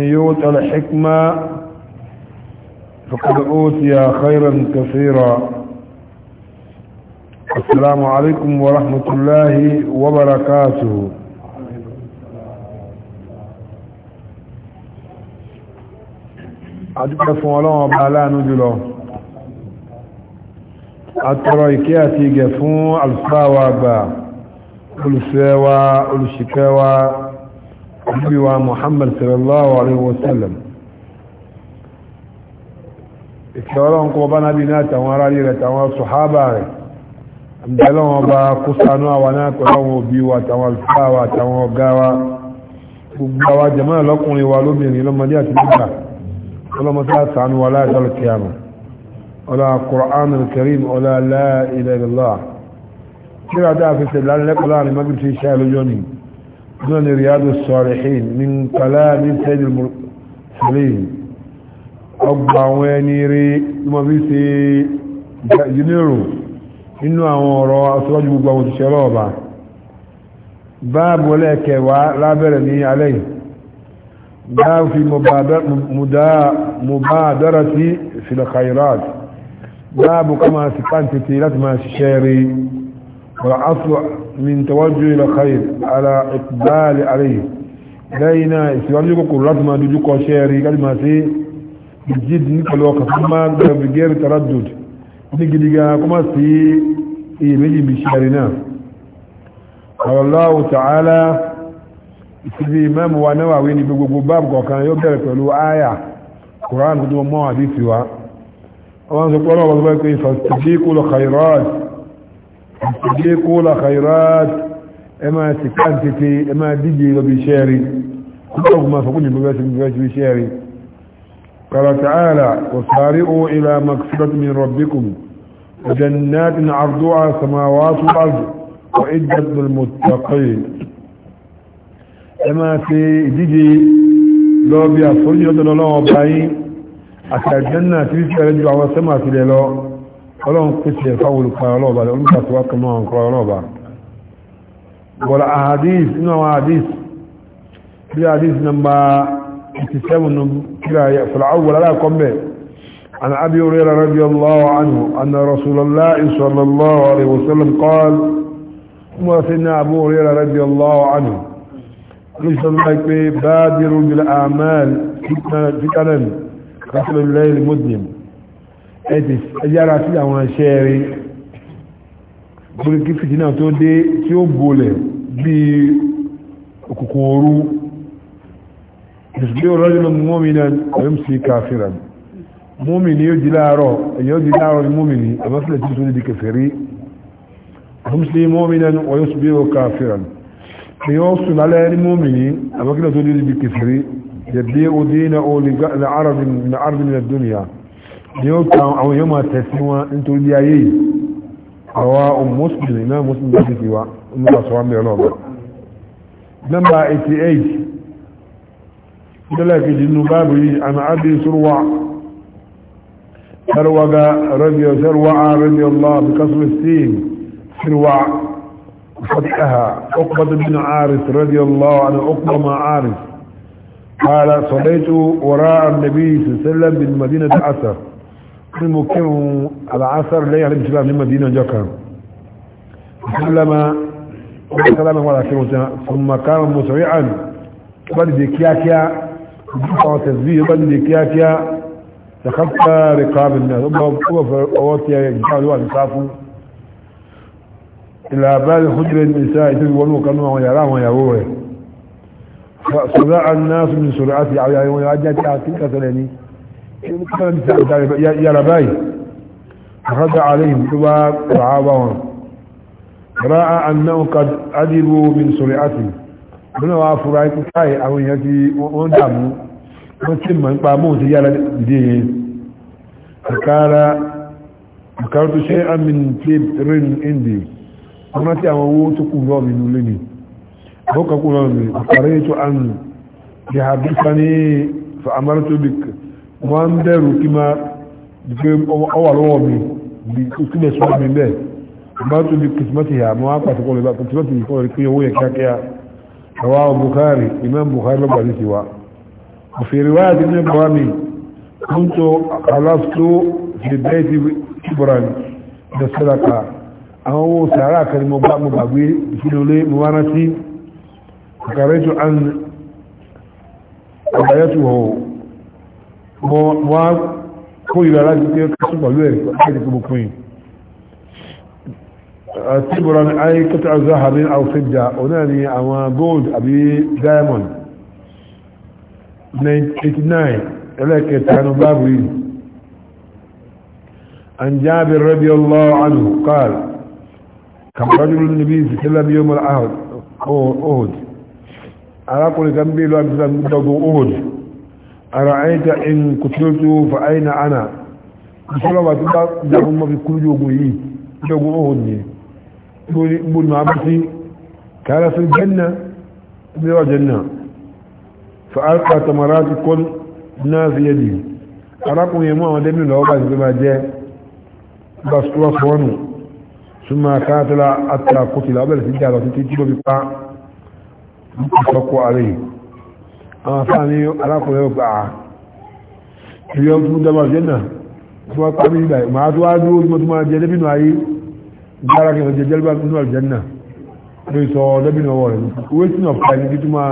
يوت الحكمة فقد أوتي خيرا كثيرا السلام عليكم ورحمة الله وبركاته أدب فولان وبعلا نجلا أترويكي أتيقفون الفاوة با كل النبي محمد صلى الله عليه وسلم ìtìlọ́rọ̀ ń kọ́ bá nábi náà tàwọn ará rẹ̀ tàwọn sọ̀hábà rẹ̀ àmìdálọ́ wọn bá kó sánú àwà náà pẹ̀lú àwọn òbí wa tàwọn alfáà wa tàwọn ọ̀gá wa gbogbo àwa jẹ̀mọ́ lọ́kùnrin wa lóbìnrin lọ́mọdé àti nígbà ọlọ́mọdé àtàánú wa láàjọ́lọ̀ kíyàmù ọlá kùránù kẹrìm ọlá láà ilẹ̀ ìlọ́à دون رياض الصالحين من كلام سيد المرسلين ọgbà àwọn ẹni rí mọ́bí sí jùnírù inú àwọn ọ̀rọ̀ aṣọ́jú gbogbo àwọn òṣìṣẹ́ lọ́ọ̀bá báàbù ọlẹ́ẹ̀kẹwàá lábẹ̀rẹ̀ ní alẹ́ báàbù fi mọ̀báàdára sí filakairat báàbù من توجه إلى خير على إقبال عليه لينا إسلام يقول رضما دجوك وشيري كلمة بالجد نقل وقفما بغير تردد نقل كما في إيماني بشيرنا قال الله تعالى في إمام ونووين بقباب وكان يبدأ له آية قرآن قدوم موعد فيها وأنا سأقول الله فاستبيقوا الخيرات ìdíkó la khairat ẹ máa ti káàkiri ẹ máa díje lọ́bi iṣẹ́ rí kúrò kúmọ̀ fọkúnjẹ bí iṣẹ́ rí قال تعالى وسارئوا إلى مغفرة من ربكم وجنات عرضها سماوات الأرض وعدت للمتقين أما في ديجي لو بيأصل يدل الله وبعين أتى الجنة تريد أن يجب على سماء في ليلو ọlọ́run pèsè fáwọn olùkọ́ ọlọ́ọ̀bà olùkọ́ tó wá kanáà ọ̀kọ́ ọlọ́ọ̀bà bọ̀lá أحاديث inú àwọn ahadis bí ahadis nọmba 87 kíra fìlàáwọ̀ alákọ̀ọ́bẹ̀ عن أبي هريرة رضي الله عنه أن رسول الله صلى الله عليه وسلم قال وسيدنا أبو هريرة رضي الله عنه رسول الله بادر بالأعمال فتنا رسول الله المذنب ẹ̀dì ẹjára sí àwọn ẹ̀ṣẹ́ rí burúkú fìtínà tó dé tí ó bolẹ̀ bí òkùnkùn òru ìṣùgbé ọlọ́dún mọ́mìnà ọ̀yọ́m sí káfíra mọ́mìnì yóò di láàárọ̀ èyàn di láàárọ̀ ni mọ́mìnì àmọ́sílẹ̀ tí ó di kẹfẹ́ rí ọ̀yọ́m sí mọ́mìnà ọ̀yọ́ sí bíọ́ káfíra èyàn sùn lálẹ́ ní mọ́mìnì àmọ́sílẹ̀ tó di kẹfẹ́ rí yẹ̀dẹ́ òdí na ó ni ó ka àwọn èèyàn máa tẹ̀sí wọn nítorí ayé yìí àwa mùsùlùmí náà mùsùlùmí ti fi wa nígbà sọ wá mẹ́rin ọ̀gbọ̀n nọ́mbà 88 dọ́là kejì nínú báàbù yìí àmà ábí sọ́rọ̀wà sọ́rọ̀wàga rọ́bíọ̀ sọ́rọ̀wà rọ́bíọ̀ lọ́wọ́ bí kásùrù sín sọ́rọ̀wà فتحها عقبة بن عارف رضي الله عنه عقبة مع عارف قال صليت وراء النبي صلى الله عليه وسلم بالمدينة أثر ní mo kírun àlàásàrù lẹ́yìn alẹ́ bìtìlá ní madina ọjọ́ kan ìsìlámà ọmọkàlámà wà láti wọn tán fọmọkàlámà mo sọ̀rí àn bá dìde kíákíá ìjọba àwọn tẹ̀sí bá dìde kíákíá ṣàkàtà rẹ̀ kààbìn náà ó bá ọwọ́ tí a yẹ gbà ló wà ní sáfù إلى بال خجر النساء تبولوا كانوا ويراهم ويروه فصدع الناس من سرعته على يواجهة تلك سلاني yàrá báyìí àkọ́jọ́ àlẹ́yìn tó bá ràá bá wọn ràá annáwó ka adìbò min sọ̀rọ̀ àti lọ́nà wá fúra ikú káyì àwọn èèyàn tí wọ́n dàmú wọ́n tí mọ̀ nípa mọ́ sí yàrá ìdí yẹn àkára àkárùtù ṣe àmìn tape rin indi wọ́n tí àwọn owó tó kù lọ́ọ̀ mi nílé ni àkọ́kọ́ kù lọ́ọ̀ mi àkàrẹ́ ètò àmì yàrá sani fa amárùtù wọ́n ń bẹ̀rù kí máa dìgbé ọwà lọ́wọ́ mi bí kò sílẹ̀ sọ́wọ́ mi bẹ́ẹ̀ ọba tó di kìtìmọ́tì yà mọ́ àpàtàkọ́ lè bá kìtìmọ́tì yìí kọ́ rẹ̀ pé owó yẹ kíákíá rawahu Bukhari Imam Bukhari lọ́gbà ní tiwa وفي رواية ابن إبرامي كنت خلصت في بيت كبرا بالصدقة أو سعراك المبابي بسنو لي موانتي فكريت عن قضيته wọ́n kó ìrọ̀ aláti pé kásùn pẹ̀lú ẹ̀ láti gbogbo fún yìí tíbùrọ̀ ní ayé kẹta zahabi alfidda ọ̀nà ni àwọn gold àbí diamond 89 ẹlẹ́kẹta ní báàbù yìí عن جابر رضي الله عنه قال كم رجل النبي صلى الله عليه وسلم يوم الأهد أهد أراكم كم بيلو أبسان مدد ara'aita in kutiltu fa aina ana ìṣọ́lọ́ wà tó bá jagun mọ́ fi kúrú jogun yìí jogun ohun ni gbogbo ma bá sí kára sí janna bíwá janna fa alqa tamarati kun náà sí yadi arákùnrin yẹn mú àwọn dẹ́mi lọ́wọ́ bá súnmọ́ kátàlá àtàkùtìlá ọbẹ̀rẹ̀ sí jà lọ títí tí ó fi pa ìfọ́kọ̀ àrẹ yìí àwọn afáà ní alákùnrin ọgbà ìrí ọdún dábà jẹ́nà tí wọ́n pàmí ìgbà máa tó wá dúró mọ́ tó máa jẹ débìnà ayé gbára kẹfẹ́ jẹ jẹ́lúbà nínú àjẹ́nà ló sọ débìnà ọwọ́ rẹ̀ wasting of time kí tó máa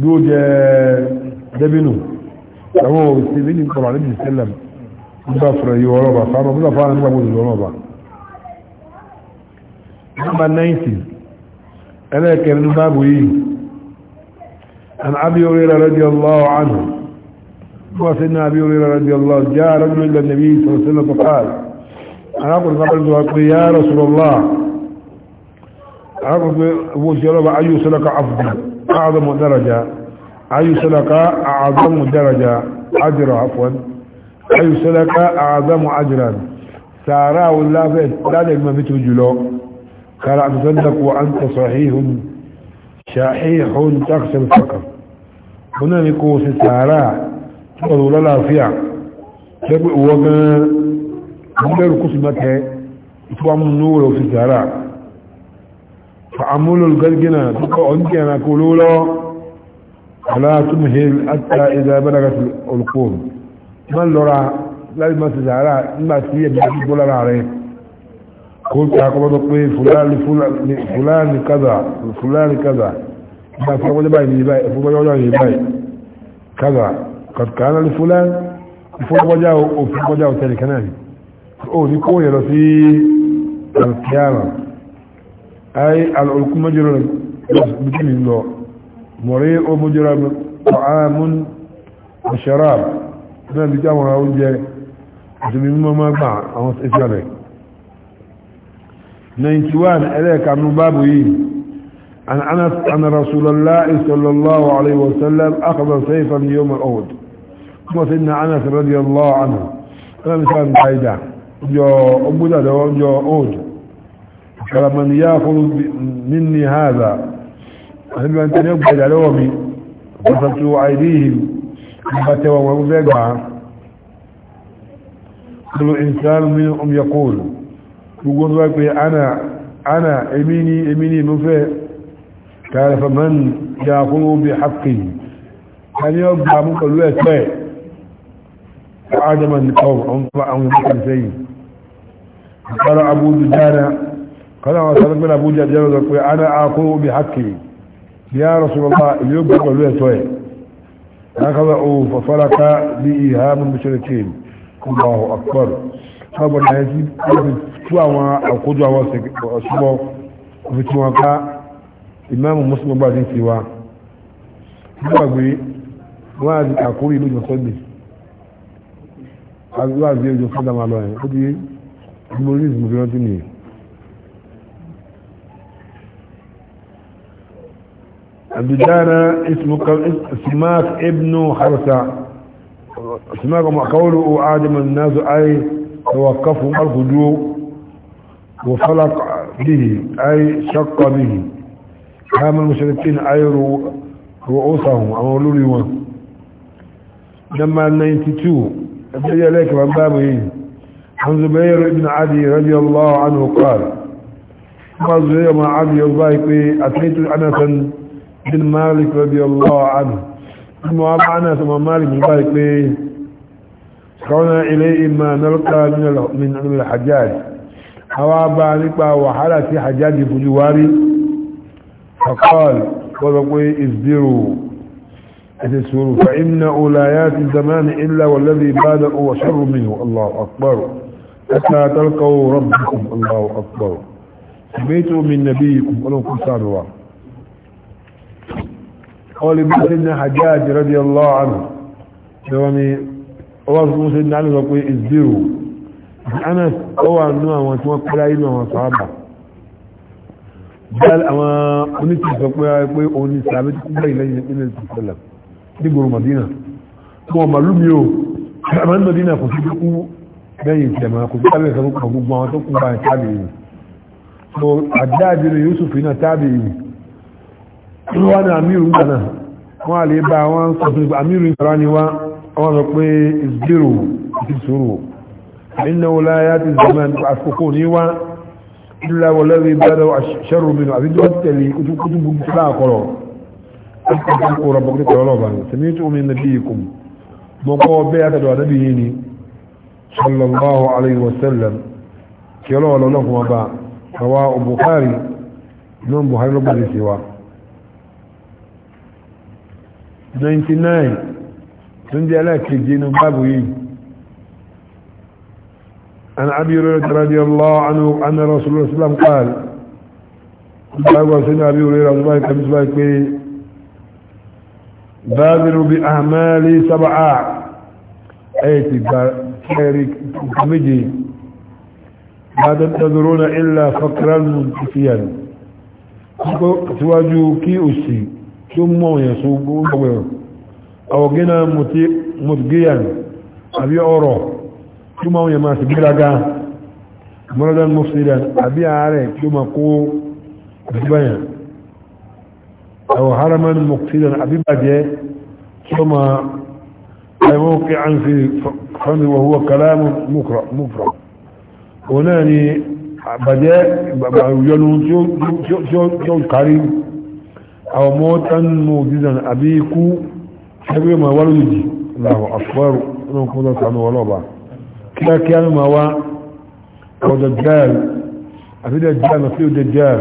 dúró jẹ débìnà àwọn òsì ní ìkọ̀rọ̀ àlébì sẹ́lẹ̀m nígbà fọ̀rọ̀ yìí ọ̀rọ̀ bà fáwọn nígbà fáwọn nígbà gbọdọ̀ lọ́rọ̀ bà. nọ́mbà 90 ẹlẹ́ẹ̀kẹrin báàbù yìí عن أبي هريرة رضي الله عنه وسيدنا أبي هريرة رضي الله جاء رجل إلى النبي صلى الله عليه وسلم فقال أنا أقول قبل يا رسول الله أقول أبو جلب أي سلك أفضل أعظم درجة أي سلك أعظم درجة أجر عفوا أي سلك أعظم أجرا سارا الله فيه لا ما متو جلو قال أتصدق وأنت صحيح شحيح تخشى الفقر òun náà ni kó o sì tààrà ọ̀rọ̀ lálàáfíà lẹ́pẹ́ ìwọ gan-an wọ́n bẹ̀rù kó sì mẹ́tẹ́ ìtura mú ní òwúrọ̀ sì tààrà fa'amúlò gẹ́gẹ́nà tó kọ́ oúnjẹ ẹ̀ràn kó lówó lọ́wọ́ aláàtúmùhìl àtà ìdábẹ́dàgà olùkóòm má lọ́ra láti má sì tààrà nígbà tí ẹ̀mí ti gbó lára rẹ̀ kó tààkọ́ bọ́ pé fúláàlì kádà fúláàlì kádà ما في أول باي باي فوق وجهه باي كذا قد كان لفلان فوق وجهه وفوق وجهه ذلك نادي أو دي قوية في القيامة أي العلكم مجرى بجن الله مريء مجرى طعام وشراب ما بيجامع وجه من ما مع أو إسرائيل 91 إليك عن بابه عن أنس أن رسول الله صلى الله عليه وسلم أخذ سيفا يوم الأود ثم سيدنا أنس رضي الله عنه أنا مثال بعيدا جو أبدا جو قال من يأخذ مني هذا أهل أن على علومي وفتوا أيديهم فتوا ومزيقها كل إنسان منهم يقول يقول أنا أنا إميني إميني مفيه قال فمن يقوم بحقه هل يبقى منك الوقت وعدم القوم أو يمكن شيء قال أبو دجانة قال وصلت من أبو دجانة أنا أقوم بحقي يا رسول الله يبقى الوقت اوف ففرق بإيهام المشركين الله أكبر فأبو الحيث أخذ تواما أو قدوة وسبو وفتواما ìmáàmù mùsùlùmí gbàdé ti wá gbàgbé wọn àti àkórí ìlú ìjọsọ́gbè wọ́n àti ìjọ sọ́dà máa lọ yẹn ó ti ìmọ̀lẹ́sì mùsùlùmí rántí nìyẹn. البداية اسمه سماك ابن حرسة سماك قوله آدم الناس أي توقفهم الخجوع وفلق به أي شق به هام المشركين عيروا رؤوسهم عملوا لي وان لما 92 ابتدى عليك من بابه عن زبير بن عدي رضي الله عنه قال ما زبير بن عدي يضايق أتيت أنسا بن مالك رضي الله عنه ثم أبع أنس بن مالك يضايق سكونا إليه ما نلقى من الحجاج أو أبع نقبع وحالة حجاج جواري فقال وذقوا اصبروا اتسوروا فإن أولايات الزمان إلا والذي بادأ وشروا منه الله أكبر حتى تلقوا ربكم الله أكبر سميتوا من نبيكم ولو كنت الله قال ابن سيدنا حجاج رضي الله عنه يعني وصلوا سيدنا علي وقوي اصبروا أنا أوى وانتوا وأنتم وانتوا وصحابه bẹ́ẹ̀ àwọn onítìí sọ pé pé òun ni sàbẹ́ tí kúbẹ̀ ìlẹ́yìn nínú ìsìnkẹ́lẹ̀ ní gbòòrò Madina wọn màlú mi o àmà ní Madina kò sí kú lẹ́yìn ìtì kò sí sábẹ́ ìsọ̀rọ̀ kan gbogbo àwọn tó kú bá tábì yìí so àdáàbí rẹ̀ Yusuf náà tábì yìí wọn ni amiru ń gbàna wọn à lè bá wọn sọ pé amiru ń sọ̀rọ̀ ni wá wọn sọ pé ìsbírò ìsìsòrò ìnáwó láyá ti zàmà àsìkò ní wá إلا والذي بدأ الشر منه أبي دوات تلي كتب كتب لا قرأ أتقوا ربك لك ولوبا سمعت من نبيكم مقوى بيعت دعا نبيهني صلى الله عليه وسلم كيلو ولا لكم أبا سواء بخاري نوم بخاري ربك سوا 99 تنجي على كجين بابو يجي عن أبي هريرة رضي الله عنه أن رسول الله صلى الله عليه وسلم قال قال سيدنا أبي هريرة رضي الله عنه بادروا بأعمالي سبعة أيتي بارك مجي ما تنتظرون إلا فقرا منتفيا تواجهوا كي أسي ثم يسوق أو غنى متقيا أبي أورو tí ó máa ń yẹ máa sì gbéraga mọ́lọ́dán mọ́sílẹ̀ àbí ààrẹ tí ó máa kó bíbáyàn àwọn haraman mọ́sílẹ̀ àbí bàjẹ́ tí ó máa àìwọ́n kí a ń fi fọ́nà wọ́wọ́ kalamu mufra òun náà ni bàjẹ́ yọnu tí ó kárí àwọn mọ́tán mọ́sílẹ̀ àbí ikú ẹgbẹ́ máa wálójì láwọn àfọ́rù náà kó lọ́sàánú wọlọ́bàá كلا كلمة و ودجال أفيد الدجال نصيب الدجال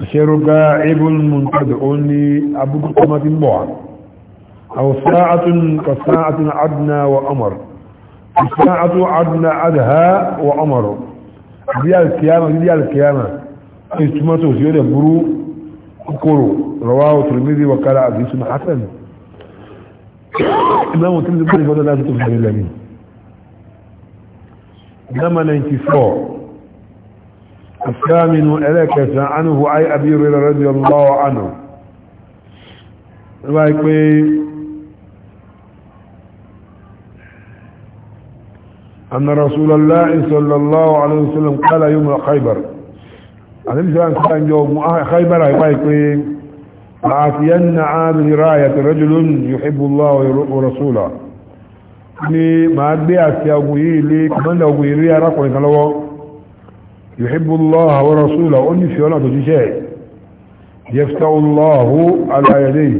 الشير قائب منتد أني أبو قمة بوع أو ساعة كساعة عدنا وأمر ساعة عدنا عدها وأمر ديال الكيامة ديال الكيامة اجتمته سيودة برو كورو رواه ترمذي وقال عزيز حسن Oh! ìgbàmù tí ó ti gbọ́dọ̀ láti tó fẹ́ lẹ́mí dáma 94 asáminu ẹlẹ́kẹsàn ánúhù ayé abírí rẹ̀rẹ̀dìyàn lọ́wọ́ ánà wọ́n wáyé pé أن رسول الله صلى الله عليه وسلم قال يوم خيبر أنا بسأل أن خيبر خيبر فعافين عامل راية رجل يحب الله ورسوله ni ma gbé àti agun yìí lé kọmọ́ndà ogun yìí rí arákùnrin kan lọ́wọ́ yuhibbullah wa rasulahu ó nífẹ̀ẹ́ ọ̀nà tó jíṣẹ́ yaftahullahu ala yadayhi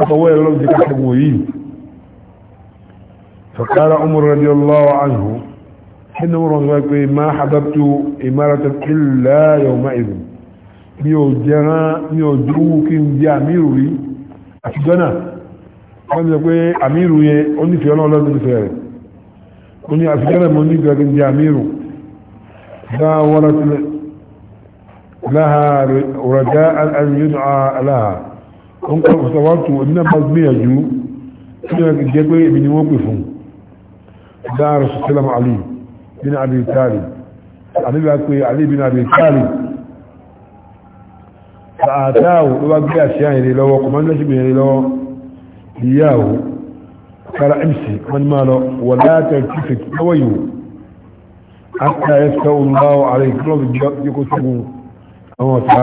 ọ̀tọ̀wọ́ ẹ̀rọ lọ́wọ́ ti kàkẹ́gùn yìí فقال عمر رضي الله عنه حين عمر ما حببت إمارة إلا يومئذ mi ò jẹran mi ò jówú kí n jẹ àmírù rí àti gánà wọ́n sọ pé àmírù yẹn ó nífẹ̀ẹ́ ọlọ́run nífẹ̀ẹ́ rẹ̀ ó ní àti gánà mo nífẹ̀ẹ́ kí n jẹ àmírù dá sílẹ̀ láha rọ̀já àmírù aláha ó ń kọ́ ọ̀sọ̀wọ́tò èmi bá gbìyànjú kí wọ́n jẹ́ pé èmi ni wọ́n pè fún àbí fàátáwò ló bá gbé àṣíyà ìrìn lọ́wọ́ kọmọ́lẹ́sìbìn ìrìn lọ́wọ́ ìyáwó kára mc wọ́n máa lọ wà látàrí tífẹ̀ lọ́wọ́ yìí àtà ẹ̀fẹ́ olùbáwọ̀ ààrẹ ìkúrọ̀bì jíkó sógun àwọn ọ̀tá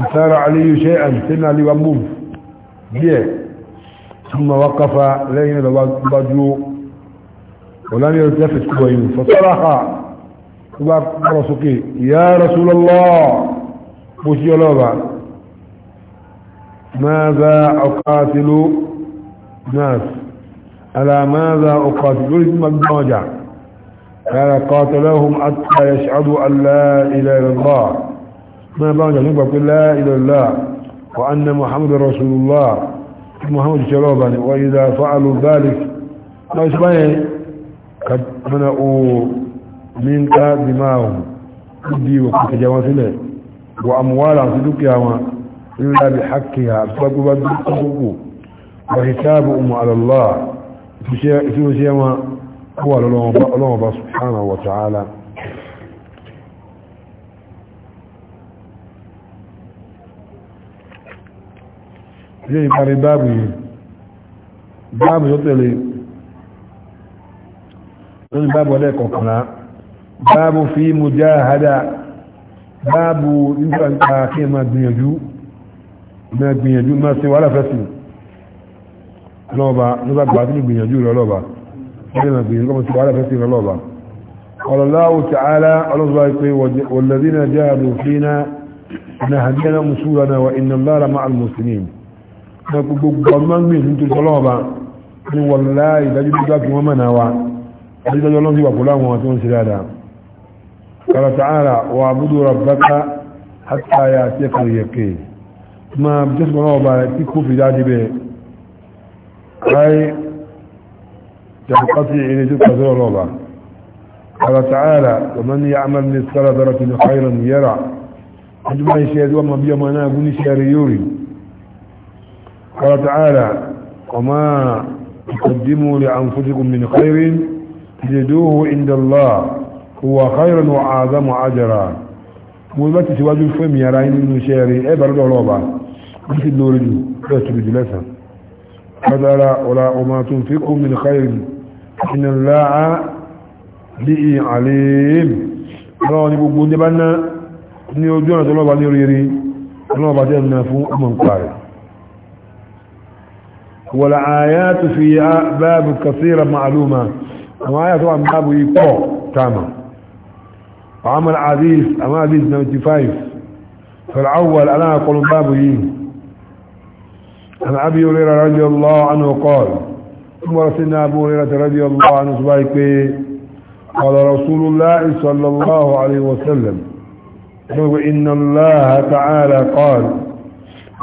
ìsára aliyu ṣe àìsẹ́nà aliwa mú díẹ̀ tún wá kafa lẹ́yìn lọ́wọ́ dúró wọ́n ní ọjọ́ tẹ́fẹ̀ tó wọ́yìn بوشي ماذا أقاتل ناس على ماذا أقاتل لازم المراجع قال قاتلهم حتى يشهدوا أن لا إله إلا الله ما براجع يقول لا إله إلا الله وأن محمد رسول الله محمد شلوبا وإذا فعلوا ذلك لا يسمعين قد منعوا منك دماءهم ودي وقت جواسلين وأموالهم في دكيا إلا بحقها فقوا بدكوا وحسابهم على الله في شيء ما هو الله سبحانه وتعالى زي باري بابي بابي يطلي بابي عليكم باب في مجاهده báàbù nígbàgbà kí ẹ máa gbìyànjú máa gbìyànjú máa ṣe wàhálà fẹ́sì lọ́ọ̀bà ló bá gbàá nínú gbìyànjú rẹ̀ lọ́ọ̀bà ẹ máa gbìyànjú kọ́ máa ṣe wàhálà fẹ́sì rẹ̀ lọ́ọ̀bà ọlọ́láwò tààlà ọlọ́sọ̀bá pé wọ̀lẹ́dínà jáàdù fínà na hàdínà musulà na wa iná lára ma al-muslimin na gbogbo gbọmọ́gbìn nítorí ọlọ́ọ̀bà ni wọ̀lá ìdájú قال تعالى واعبدوا ربك حتى ياتيك اليقين ما بتسمع الله باركتك في ذات به أي تنقطع إلى تلك الله قال تعالى ومن يعمل مثقال ذرة خيرا يرى أجمع الشهد وما بيما أنا أقول شهريوري قال تعالى وما تقدموا لأنفسكم من خير تجدوه عند الله huwa khairan wa azamu ajra mo bá ti síwájú fún mi ara yín nínú iṣẹ́ rẹ̀ ẹ bá lọ́dọ̀ ọlọ́ọ̀bá ó sì lórí jù bẹ́ẹ̀ tóbi jù lẹ́sàn kádàrà ọ̀la ọmọ tó ń fi kó mi khairin inna Allaha bihi alim ọlọ́wọ́ ní gbogbo ní bá ná ní ojú ọ̀nà tó lọ́ba ní oríire ọlọ́ọ̀bá tẹ́ ná fún ọmọ nǹkan rẹ̀ wọ̀lá àyà tó fi báàbù kàfíra màálùmá àwọn àyà tó wà ní báàbù yìí وعمل عزيز أما عديث 95 فالأول أنا أقول بابه عن أبي هريرة رضي الله عنه قال ثم رسلنا أبو هريرة رضي الله عنه سبايك قال رسول الله صلى الله عليه وسلم إن الله تعالى قال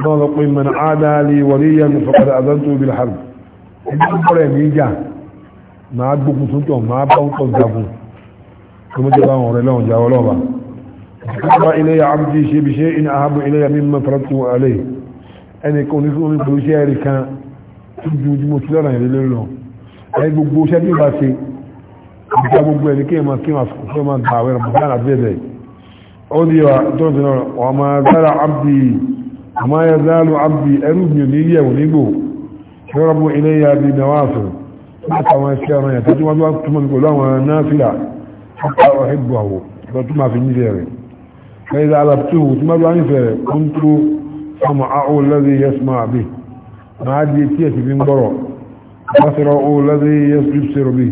نظق من عادى لي وليا فقد أذنته بالحرب إن أبو هريرة ما أدبك سنتهم ما أبو أنت كما جاء الله لهم جاء ولوما أحب إلي عبدي شيء بشيء أحب إلي مما فرضته عليه أن يكون يسوء من كل شيء كان تجو جمو سلانا يلي لهم أي بقبو شدي باسي بقى بقبو يلي كيما كيما سكوما دعوة ربنا عزيزي أودي وطنطنا وما زال عبدي وما يزال عبدي أروب ينيا ونيبو يرب إلي بنوافل حتى ما يسيرنا يتجمع دوات ثم يقول لهم نافلة حتى أحبه فتما في نجيري فإذا علبته تما بعني فيه كنت سمعه الذي يسمع به ما عاد يتيت بمبرع بصره الذي يبصر به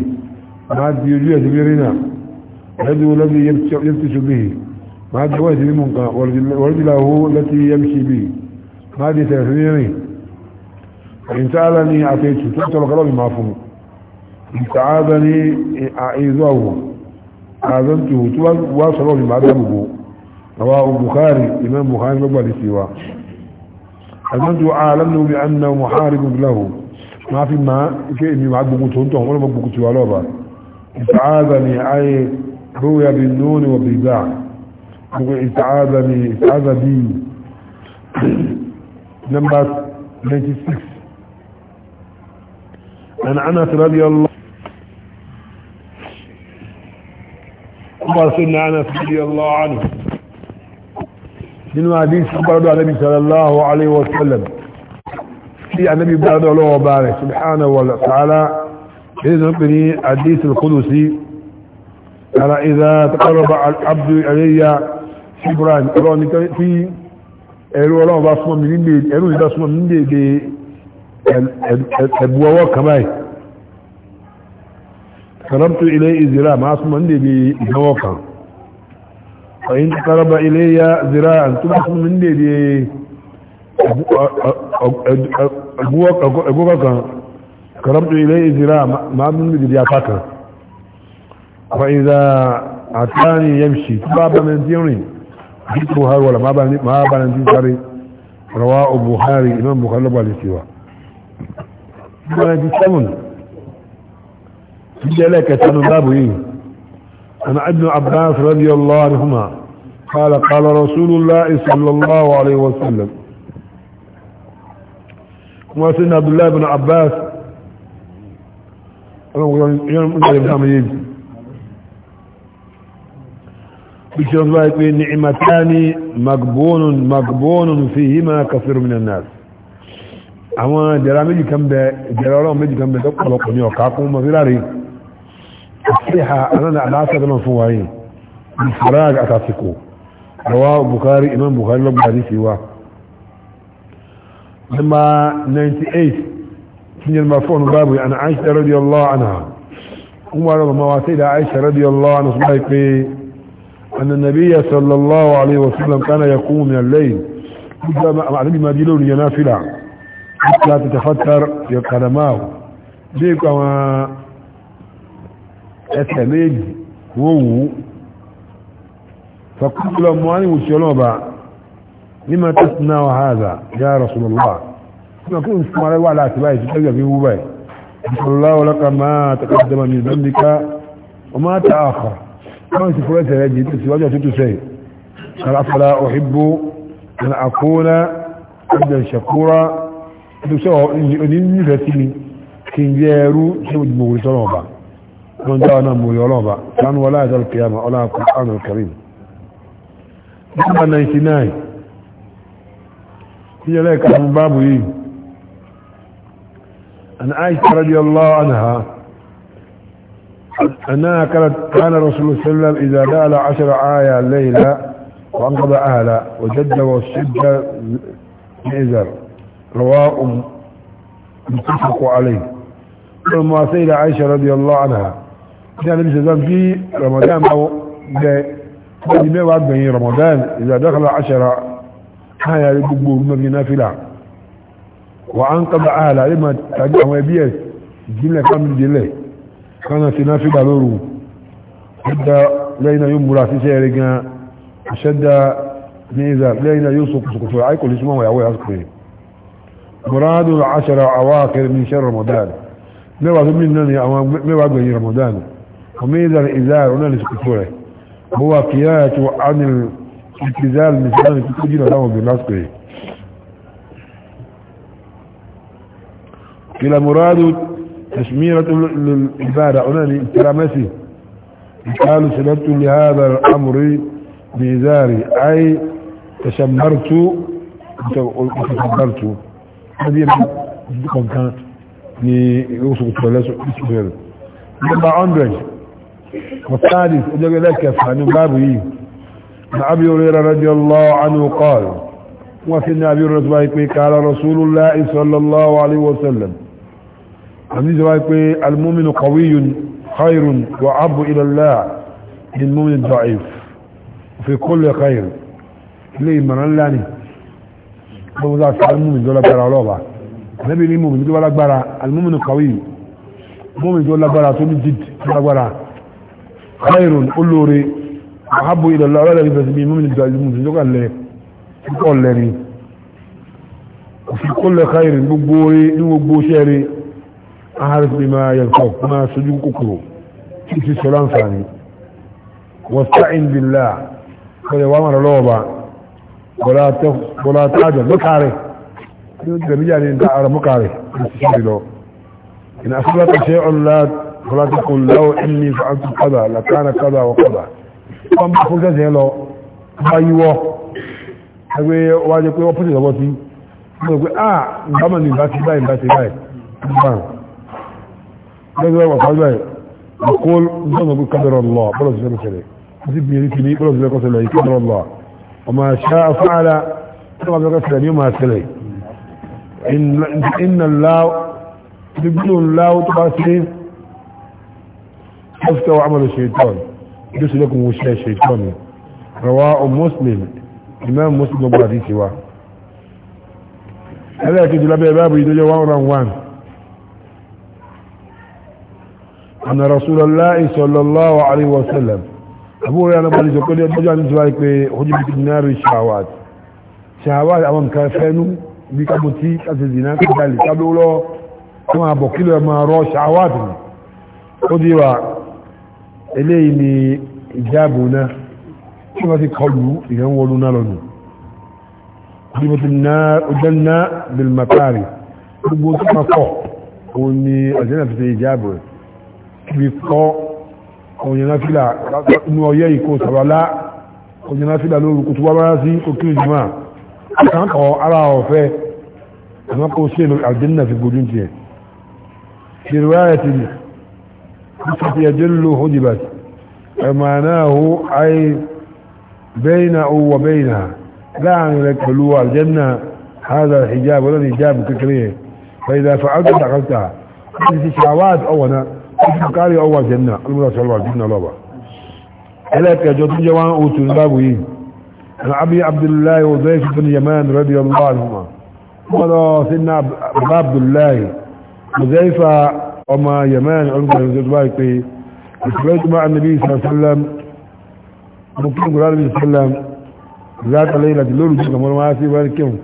ما عاد يجيه برنا يده الذي يبتش به ما عاد يواجه بمنقى ورجله التي يمشي به ما عاد يتأثنيني فإن سألني أتيت تأتي القرار ما أفهمه إن سعادني أعيذه azantu tó wá sọ̀rọ̀ ní máa dáàbò bò àwa bukhari imam bukhari lọ́gbà lè ṣe wa azantu alamnu bi anna muharibun lahu ma fi ma ike èmi ma gbogbo tó ń tọ̀ wọ́n lọ́gbà gbogbo tiwa lọ́ba ìtàázani ayé rúwẹ́ bí nóni wà bí gbà gbogbo ìtàázani ìtàáza bí number 96 عن انس رضي àfàṣínà ànàfíì ọlọ́ ànà nínú àdíṣ gbọ́dọ̀ alẹ́bí sallallahu alaihi wasallam tí alẹ́bí gbọ́dọ̀ ọlọ́wọ́ bá rẹ̀ subhanahu wa ta'ala ilé ìzọ́n pè ní àdíṣ al-qudusi ara idha taqarraba al-abdu ilayya shibran ọlọ́ni tí ẹ̀rù ọlọ́wọ́ bá súnmọ́ mi nílé ẹ̀rù ìdá mi nílé ẹ̀bù ọwọ́ karamtu ilé ìzira máa súnmọ́ ní ibi ìdánwò kan ọ̀yìn karaba ilé ya zira tó bá súnmọ́ ní ibi ẹgbọ́gbọ́ kan karamtu ilé ìzira máa mú ní ibi apá kan fa ìza àtàní yamshi tó bá bá mẹ́ntí rìn jíkò harwala máa bá mẹ́ntí sáré rawa buhari imam bukhari lọ́bàlẹ̀ síwá 27 باب ايه عن ابن عباس رضي الله عنهما قال قال رسول الله صلى الله عليه وسلم وسيدنا عبد الله بن عباس بشر الله يقول نعمتان مقبون مقبون فيهما كثير من الناس àwọn jẹ́ra méjì kan bẹ jẹ́ra ọlọ́run méjì kan bẹ tọ́pọ̀lọpọ̀ ní ọ̀ká fún mọ́sílárìí تصحيحها أننا على عسر من فوهين بالفراج رواه بخاري إمام بخاري لبن حديثي واه لما 98 سنة المرفوع بابي أنا عائشة رضي الله عنها عمر ما واسيد عائشة رضي الله عنها صبحك إيه؟ أن النبي صلى الله عليه وسلم كان يقوم من الليل مع النبي ما ديلون ينافلة حتى تتفتر يقدماه ديك ẹsẹ̀ méjì wọ́n wù ú fọkúlọ mọ́ ní wùsí ọlọ́ọ̀bá ní ma tó sinà ọ̀háàzà yá rasulullah tí ma kí n fún ara wà láti báyìí títí ẹgbẹ̀ wú báyìí bisalòlá ọlọ́ka máa tẹ́kọ̀ dama mi zambika wọ́n máa ta àkọ́ wọ́n ti fúrẹ́sẹ̀ rẹ̀ jì síwájú àtútù sẹ́yìn aláfàlà òhìbó na àkóóná abdul shakura dùsọ̀ òní nífẹ̀ẹ́ sí mi kí n jẹ́ ẹrú ṣé mo jùmọ̀ wòlítọ́nà من دعنا مولوبا كان ولا هذا القيامة ولا القرآن الكريم نمبر نيتناي هي لك من باب إيه أن عائشة رضي الله عنها أنها كانت كان رسول الله صلى الله عليه وسلم إذا دال عشر آية الليلة وأنقذ أهلا وجد والشدة مئزر رواء متفق عليه ثم سيدة عائشة رضي الله عنها ní alẹ́ ìṣẹ̀lẹ̀ bí Ramadan bá bẹ bẹ́ẹ̀ni mẹ́wàá gbẹ̀yìn Ramadan ìzàdọ́kọ̀lá aṣara káyà rí gbogbo orúmọ̀bí náà fìlà wà á ń kọ́bà ààlà rí ma tàbí àwọn ẹbí ẹ̀ ìjìnlẹ̀ kámi délẹ̀ kánà sí náà fìlà lóru ẹ̀dá lẹ́yìn náà yóò múra síṣẹ́ rẹ̀ gan ṣẹ́dá ní ìzà lẹ́yìn náà yóò sọkùsọkùsọ àìkòlì súnmọ́ àwọn ìyàwó ìyàsùkò yìí muradu aṣara àwákẹ́rẹ́ ní iṣẹ́ Ramadan mẹ́wàá tó mí náà ni àwọn mẹ́wàá gbẹ̀yìn Ramadan وميزة الإزار هنا لسكتوره هو قيادة عن الاتزال من سنة تجينا له بنصره كلا مراد تشميرة للعبادة هنا لإكرامته قال سببت لهذا الأمر بإزاري أي تشمرت وتشمرت هذه كانت ni yóò sọ kò ìsìnkú rẹ̀. number والثالث أجل لك فعن بابه إيه. عن أبي هريرة رضي الله عنه قال وفي النبي هريرة قال رسول الله صلى الله عليه وسلم عن المؤمن قوي خير وعب إلى الله من المؤمن الضعيف في كل خير ليه من الله gbogbo àti almúmin المؤمن lágbára ọlọ́ba lẹ́bí ní múmin tó lágbára almúmin kọ̀wé múmin tó lágbára tó ní jìd tó khairun olóore ahabu ila Allah ọlọ́rẹ̀ ìfẹ̀sí bí mímí ìjọ ìlú mùsùlùmí lọ́kà lẹ̀ kíkọ́ lẹ́ni òfin kó lẹ̀ khairun gbogbo orí ní gbogbo iṣẹ́ rí ahàrẹ̀ sí máa yẹ kọ́ máa sojú kòkòrò tí ti sọ láǹfààní wasta'in billah kọ́lẹ̀ wà mọ̀rọ̀ lọ́wọ́ bá bọ́lá tájọ̀ lọ́kàrẹ̀ tí ó ti rẹ̀ níjà ní ìdá ara mọ́kàrẹ̀ ní ìsìsì lọ ìnà فلا تقول لو اني فعلت كذا لكان كذا وكذا wọ́n bá fún kẹ́sẹ̀ lọ bá yíwọ́ ẹgbẹ́ wájẹ́ pé ah, wọ́n pọ́sẹ̀ lọ́wọ́ tí wọ́n pẹ́ àà ìbámọ̀ ní ìbáṣe báyìí ìbáṣe báyìí gẹ́gẹ́ wọ́n pàájọ́ ẹ̀ ọkọ́ ìjọ́nà pé kádọ̀rọ̀ lọ bọ́lọ̀ sí ẹ̀rọ sẹ̀rẹ̀ àti bìnrin kìíní bọ́lọ̀ sí ẹ̀kọ́ sẹ̀rẹ̀ kádọ̀rọ̀ lọ ọmọ ṣá fáàlà افتوا عمل الشيطان يدوس لكم وشاء الشيطان رواه مسلم امام مسلم برادي سوا هذا كده لبي باب يدوجه وان وان أن رسول الله صلى الله عليه وسلم أبو يا نبي لي سكولي أبو جاني سواي كي حجب النار الشهوات شهوات أمام كافنو بيكابوتي كازينا كذلك قبلوا له كما بوكيلو ما روش شهوات وديوا eléyìí ni ìjáàbò náà tí wọ́n ti kọlu ìyẹn wọlú náà lọ́nu ọjọ́ náà bil matari gbogbo tó máa kọ̀ òun ni àjẹ́nà ti ṣe ìjáàbò rẹ̀ kí kọ́ òyìnbá fílà inú ọyẹ́ ìkó sàrọ̀lá òyìnbá fílà lórí kò tó wá bára sí òkè ìjùmọ̀ àkànkọ̀ ara ọ̀fẹ́ àmọ́kọ̀ sí àjẹ́nà ti gbójú tiẹ̀ يجل هدبت معناه أي بينه وبينها لا عن يعني لك بلوى الجنة هذا الحجاب ولا الحجاب ككريه فإذا فعلت دخلتها في شعوات أولا قال أول جنة المرأة صلى الله عليه وسلم إليك جوتي جوان أوتوا البابوين أنا أبي عبد الله وزيف بن يمان رضي الله عنهما وقال سيدنا عبد الله وزيفة ọmọ yemen ọlọ́gbọ̀n ẹ̀rọ tó báyìí pé ìṣẹ́lẹ̀ tó bá annabi sallam mo kí ọgbọ̀n alẹ́bí sallam látàlẹ́ ìlàjì lórí jù kàmọ́ wá sí wá kí wọ́n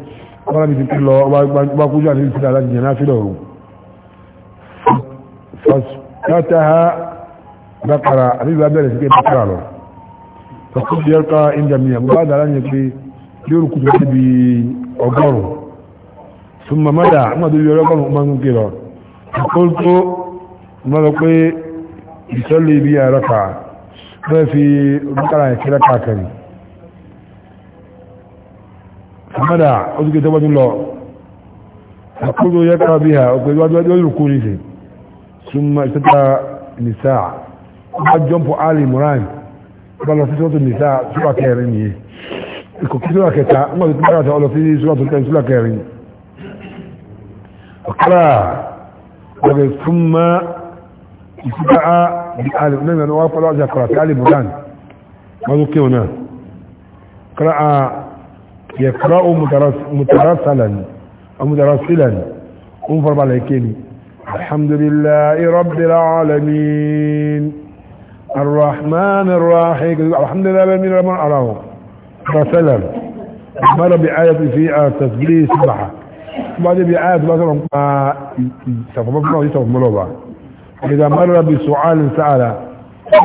láti ti lọ ọba kújọ àti ìṣẹ́lẹ̀ alájì yẹn náà fílọ̀ ọ̀hún fọ́sátàá bákàrà àti ìlà bẹ̀rẹ̀ sí bákàrà lọ tọ́kọ́ bí ẹ̀ka ìjàmìyàn bá dára قلت ملقي يصلي بي ركعة ففي بقرة ركعة كريم فمدع أذكر توبة الله فقلت يقرأ بها وقلت وقلت يذكر ثم اشتدى نساء قد جنب آل مران قال في سورة النساء سورة كريم الكوكسورة كتا ما تتبعت أولا في سورة الكريم سورة كريم وقرأ وقال ثم اتبع بآل نعم أنا واقف على وجه قراءة آل مران وذكي هنا قرأ يقرأ مترسلا أو مترسلا انفر بالهيكيني الحمد لله رب العالمين الرحمن الرحيم الحمد لله العالمين رب العالمين رسلا مر بآية فيها آية تسجيل سبحة بعدين بيعاد مثلا تفضل إذا مر بسؤال سأل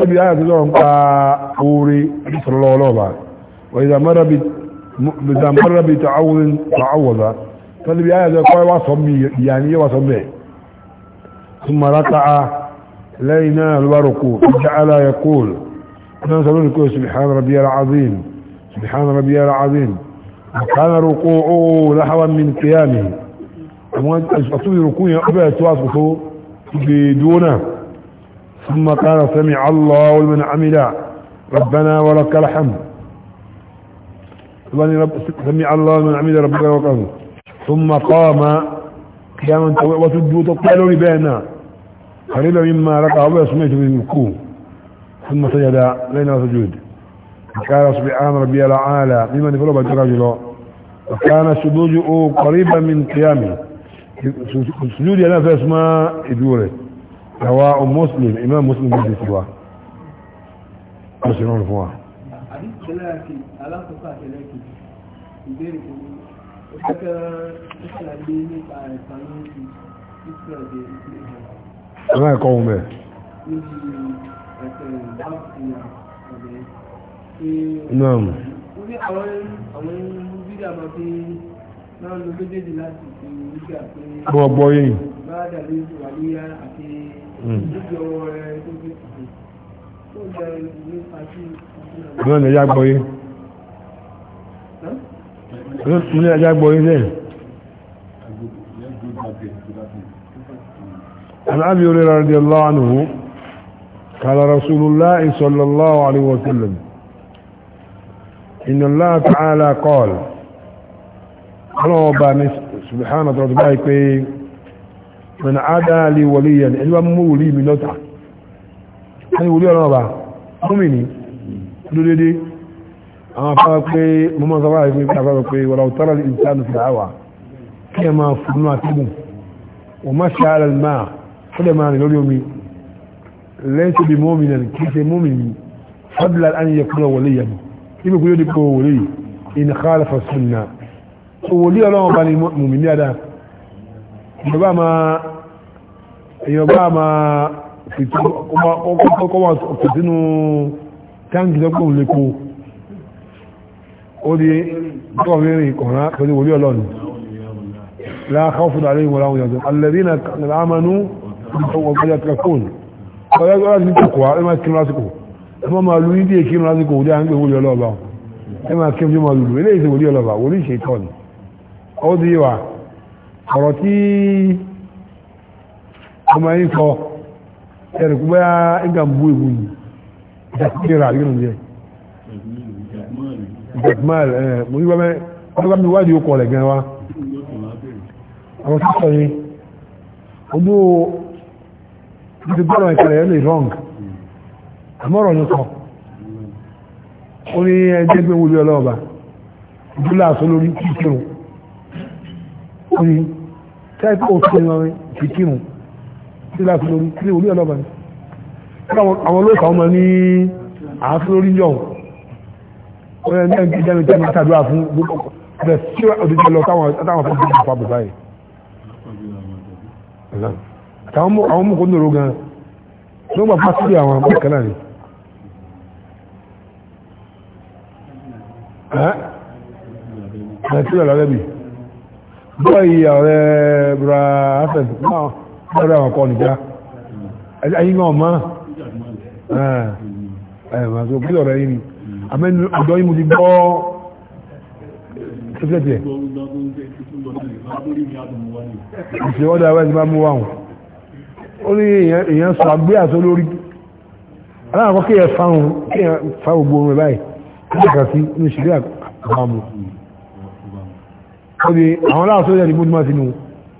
بيعاد لهم قوري صلى الله وإذا مر ب إذا مر بتعوض تعوض فاللي بيعاد قوي وصمي يعني وصمي ثم ركع لينا الورق جعل يقول أنا سبحان ربي العظيم سبحان ربي العظيم كان ركوعه لحظا من قيامه أصول ركوعه ابي توافقه بدونه ثم قال سمع الله لمن عمل ربنا ولك الحمد رب سمع الله لمن عمل ربنا ولك الحمد ثم قام قياما وسجود الطيل بيننا قريبا مما ركع ابي سمعت من ثم سجد لنا سجود وكان سبحان ربي العالى ممن يقول بجرجل وكان سجوده قريبا من قيامه سجود أنا في اسماء إدوره سواء مسلم إمام مسلم بن سواء مسلم رفوا Ọlá ẹ̀kọ́ ohun Naam. Ó ní àwọn àwọn bídà máa fi máa ń lo méjèèjì láti fi wíkà pé. Bọ́ bọ́ yìí. Bá dàbí wàlíyá àti hmm. ìdíje ọwọ́ rẹ̀ tó gbé kùkù. Ó jẹ́ ìlú àti ìlú. ni ẹja gbọ́ yìí. Mo ní ẹja gbọ́ yìí lẹ́yìn. عن أبي هريرة رضي الله عنه قال رسول الله صلى الله عليه وسلم إن الله تعالى قال الله سبحانه وتعالى من عدا لي وليا إلا مولي من نتع أنا ولي أنا بقى أمني لولي دي أنا فاقي مما زواج من فاقي ولو ترى الإنسان في العوى كما فنوا تبو ومشى على الماء كل ما نقول يومي ليس بمؤمنا كيف مؤمن قبل أن يكون وليا ibi kò yóò di kó wòlé yìí in khalafa sunna wòlé ọlọ́wọ́ bá ní mùmí ní àdá ìjọba máa ìjọba máa kọ́kọ́ fìtínú táǹkì lọ́pọ̀ òlékó ó di tọ́ọ̀rẹ́rìn kọ̀ọ̀rá pẹ̀lú wòlé ọlọ́run la khawfun alayhim wa la hum yahzanun alladhina amanu wa qad yattaqun ọ̀rẹ́ ọ̀rẹ́ ní kòkòrò ẹ̀mà kí lásìkò ẹ máa máa lu nídìí èkìrún lásìkò òde à ń gbé wòlíì ọlọ́ọ̀bà ẹ máa kí ọjọ́ máa lùlù eléyìí ṣe wòlíì ọlọ́ọ̀bà wòlíì ṣe tọ́ ni ó ti wà ọ̀rọ̀ tí ọmọ yín sọ ẹ̀rù pé bá ìgbà ń bú ìbú yìí ìdàkúkẹ́rà àríkìrún jẹ́ ìdàkúmọ́ẹ̀lì ẹ̀ mo ní wọ́n mi wádìí ó rẹ̀ gan wa àwọn tó yìí ojú ti gbọ́dọ̀ ìkàlẹ̀ ẹ̀ lè rọ́ǹgì àmọ́rọ̀ ní kan ó ní ẹjẹ́ pé wọlé ọlọ́ọ̀bá ìdúlá àṣọ lórí kíkírun ó ní tẹ́ẹ̀kì òṣù ìrìn kíkírun ìdúlá àṣọ lórí kí wọlé ọlọ́ọ̀bá ni àwọn olóòkà ọmọ ní àṣọ lórí yọ̀ ó yẹ ní ẹni jẹ́mi jẹ́mi tàdúrà fún bẹ̀ sí òdìjẹ́ lọ táwọn fún bíi àpapọ̀ báyìí àtàwọn mú kó nòrò gan ló gbà fásitì àwọn àpapọ̀ kan náà ẹ̀ tí lọ́lọ́ lẹ́bi bọ́ọ̀yì ọ̀rẹ́ bra afẹ́s náà lọ́rẹ́ àwọn ọkọ̀ nìjá ayé náà mọ́ ẹ̀ máa tó kí lọ́rẹ́ yìí ni àmẹ́nu ọ̀dọ́ yìí mo ti gbọ́ tẹ́tẹ́tẹ́ ìṣẹ́ ọ̀dà wẹ́ẹ̀sì máa mú wa ó ní èèyàn sọ àgbé àsọ lórí aláàkọ́ kí ẹ fáwọn kí ẹ fáwọn báyìí nígbà sí ní ṣìlẹ̀ àbámu ó di àwọn aláàṣọ ìyá ìbò nígbà sínú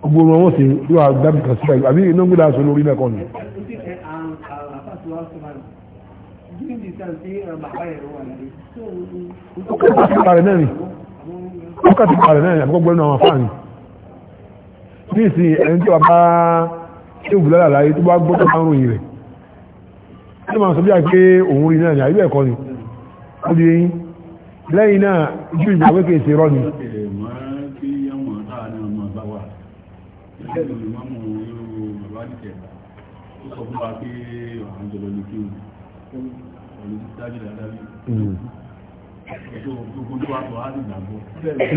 gbogbo wọn sì ló àgbàbí kan síbẹ̀ àbí iná gbé láàṣọ lórí náà ni. ó kàtí parẹ̀ náà àbúkọ́ gbẹ́rún àwọn afáàní ní ìsìn ẹni tí wàá bá ṣé òbúlẹ̀ àlàyé tó bá gbọ́dọ̀ márùn-ún rẹ̀ ó máa sọ bí i pé òun rí náà ni àbí ni ọdún yẹn lẹ́yìn náà ju ìgbàgbé kìí ṣe rọ́ọ̀nì.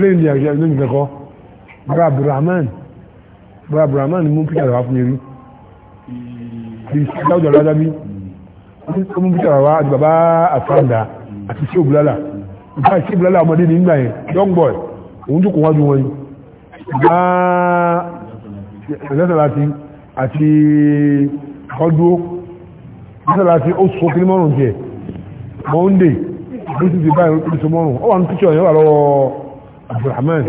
lẹ́yìn ní àjẹ́ lónìí kẹ́kọ́ bra mú píkà lọ́wọ́ fún yẹrí bí sáwùjọ́ lọ́dọ́ bí mú píkà lọ́wọ́ àti bàbá àfáàndà àti sí òbúlálà nípa sí òbúlálà ọmọdé ní ìgbà yẹn young boy òun tó kò wájú wọn yìí bá ẹ̀lẹ́sàláti àti ọdúró ẹ̀lẹ́sàláti ó sọ kí ní mọ́rùn jẹ monday ló ti di báyìí ó sọ mọ́rùn ó wà ní píṣọ̀ yẹn wà lọ́wọ́ abdulrahman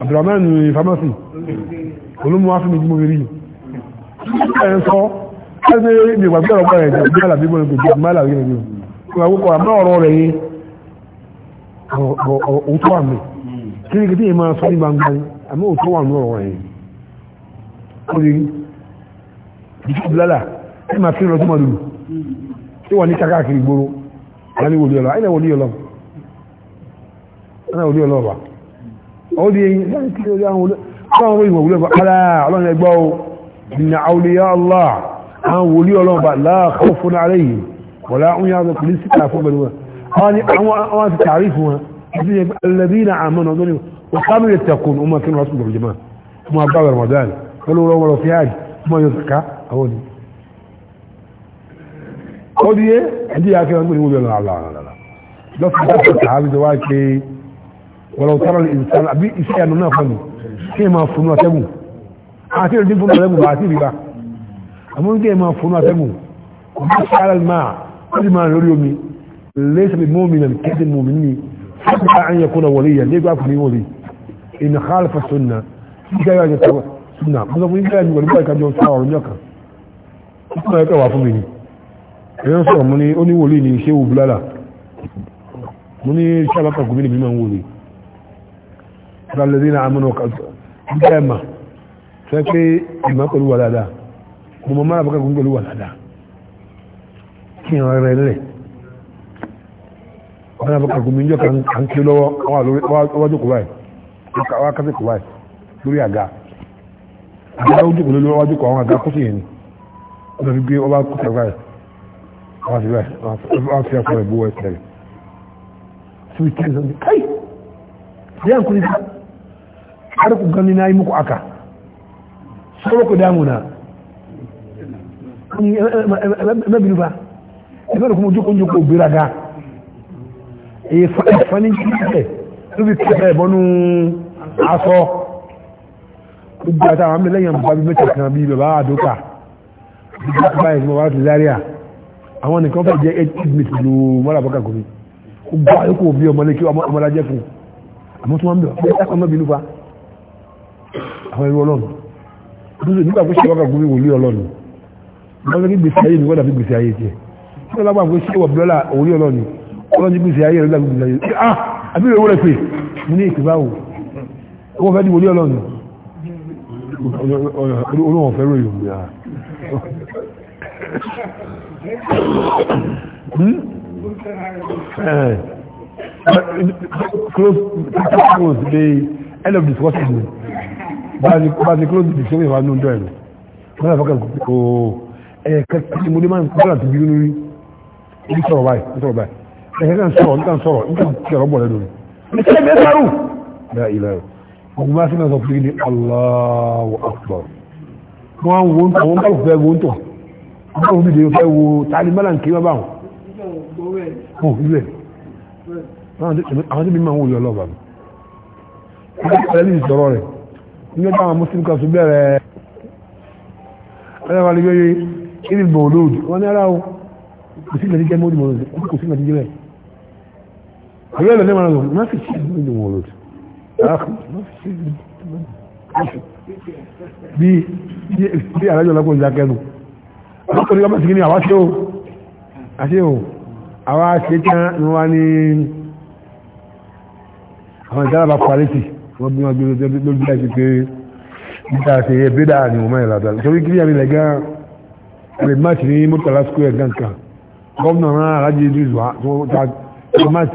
abdulrahman ní pharmacy olómú wá fún mi gbogbo rí ẹ̀yẹn sọ ẹ̀yẹn mi ìgbàgbé ọ̀pọ̀ ẹ̀jẹ̀ mọ́là bí mọ́là bí mọ́là bí àwòkọ àmọ́ ọ̀rọ̀ rẹ̀ yé òótọ́ wà mí hmm. kí ni kí ni máa sọ ní gbangba ni àmọ́ òótọ́ wà ní ọ̀rọ̀ rẹ̀ yé ó lè dìtú bílálà ẹ máa fi ń lọ tó máa lùlù tí wọ́n ní kákàkiri gbóró àlẹ́ wòlíọ̀ lọ àìlẹ̀ wòlíọ̀ lọ àìlẹ̀ wòlíọ̀ lọ wà ó di eyín láti kí lórí àwọn wòlíọ̀ káwọn ìwọ̀n wòlíọ̀ bá kálá ọlọ́run ẹgbọ́ ìnà àwòlíyà Allah àwọn wòlíọ̀ lọ́wọ́ bá láàkọ́ fún aláyìí wọ́lá ń yára polisi kà fún pẹ̀lú wọn àwọn ti tààrí fún wọn àti ṣe alẹ́bí na àmọ́nà ọdún ni wọ́n sábẹ̀ yẹ tẹ̀kùn ọmọ kí wọ́n sùn lọ́rọ̀ jẹ́mọ́ ọmọ agbáwẹ̀ ramadan wọ́n lọ́wọ́ wọ́n lọ fi hajj ọmọ yóò sàká àwọn ni. ó di yé ẹ̀dí yà kẹ́wọ́n gbé wọlé lọ́la lọ́sọ̀tà tààrí tó wá pé wọ́n lọ sára ìsàn àbí iṣẹ́ ẹnu náà fún mi kí ẹ máa funu atẹ́gùn àti ìrètí funu atẹ́gùn àti ìrìbá àmọ́ kí ẹ máa funu atẹ́gùn kò má sára máa ọdí máa lórí omi lẹ́sẹ̀lẹ̀ mọ́mìnà kẹ́sì mọ́mìnì fọ́nà àyàn yẹkùnà wọlé yà nígbà fún ní wọlé ìnà hálfà sunna nígbà yà jẹ tọwọ́ sunna mọ́sán fún nígbà yà wọlé bá ìkájọ sáwà ọ̀rọ̀ nyọ́kan nígbà yà wà fún mi ni ẹ̀yọ́ sọ̀rọ̀ mọ́ ní ó ní wọlé ní ṣé wùbúlálà mo kí n rẹ̀ lẹ̀ wọ́n náà bọ́kà gómìnà jọ kà ń ké lọ́wọ́ ọwájú kò báyìí wọ́n kásẹ̀ kò báyìí lórí àga àgbà ojú kò lórí ọwájú kò àwọn àga kó sì yẹn ni wọ́n fi gbé ọba kó sẹ̀ báyìí wọ́n fi báyìí wọ́n fi àpò ẹ̀bú ẹ̀ tẹ̀lé sí i kẹ́lẹ́ sọ́ni káì yá nkúni ká har ku gani na yi muku aka sọ́wọ́ ku damuna mabinu ba ẹgbẹ́ ìkún ojú kún jókòó gbéraga ìfẹ́ ní kíkẹ́ níbi kíkẹ́ ìbọnú aṣọ gbogbo àti àwọn amílẹ́yìn àmúfà bí mẹ́ta kan bí bàbá àdókà ìgbà tó báyìí wọ́n wá ti Zaria àwọn nìkan fẹ́ jẹ́ eight minutes ló mọ́ra bọ́kà gómi gbogbo àyókò bí ọmọdé kí ọmọdé jẹ́ fún àmọ́ tó wọ́n ń bẹ̀ ọ́ ẹ̀kọ́ mọ́bìnú fa àwọn ẹrú ọlọ́run nígbà tó ṣe wákà gómi wòlíì ọlọ́run wọ́n kí gbèsè ayé ni wọ́n dà gbèsè ayé tiẹ̀ tí wọ́n lágbàgbé sí ìwọ̀ bíọ́lá orí ọlọ́ni ọlọ́ni bí i ṣe ayé rẹ̀ lágbàgbé láyé ah àbí ìwọ̀ rẹ̀ pé mo ní ìpè báwo wọ́n fẹ́ dìbò orí ọlọ́ni olóhùn ọ̀fẹ́ rẹ̀ yòó yà close close the end of discussion bá ti close the discussion ìwà nù dọ̀ ẹ̀rọ wọ́n lè fọ́kàn kò oh, ẹ̀ẹ̀kẹ́ mo ní máa ń kọ́ láti bí lórí n sọ̀rọ̀ báyìí n sọ̀rọ̀ báyìí ẹ̀kẹ́ kan sọ̀rọ̀ n kan sọ̀rọ̀ n kan sọ̀rọ̀ bọ̀lẹ̀ lórí n sẹ́lẹ̀ bẹ́ẹ̀ sáré bẹ́ẹ̀ ilẹ̀ rẹ̀ ọkùnrin bá sí náà sọ fún mi Allahu Akbar wọn wo ń tọ̀ wọn bá fẹ́ wo ń tọ̀ wọn bá fi dèrò fẹ́ wo tani mẹ́la ń kí wọ́n bá wọn. ọ ilẹ̀ àwọn tí mi ń wòye kò sí ìgbàdí jẹ́ mọ́ọ̀dì mọ́ọ̀dì kò sí ìgbàdí jẹ́ bẹ́ẹ̀ ọ̀rẹ́ ẹ̀rọ lẹ́wọ̀n lọ má fi sí ìgbàdí mọ́ọ̀dì bí bí àrẹ́jọ lọ́pọ̀ ìjà kẹnu ọkùnrin ọmọ sí kí ni àwa ṣe o àṣe o àwa ṣe tán ni wọ́n ní àwọn ìdáraàbà kwaliti wọ́n bí wọ́n gbé lójú láti pé níta ṣe ebédà ni wọ́n máa ń làdá nítorí kí ni àmì lẹ̀ gan-an lè má ti ní mọ́tàlá square gan kan gómìnà náà alájí idris wa